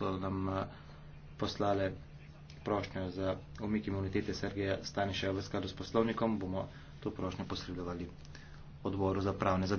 so nam eh, poslale prošnjo za umik imunitete Sergeja Staniševa v skladu s poslovnikom, bomo to prošnjo posredovali odboru za pravne zadeve.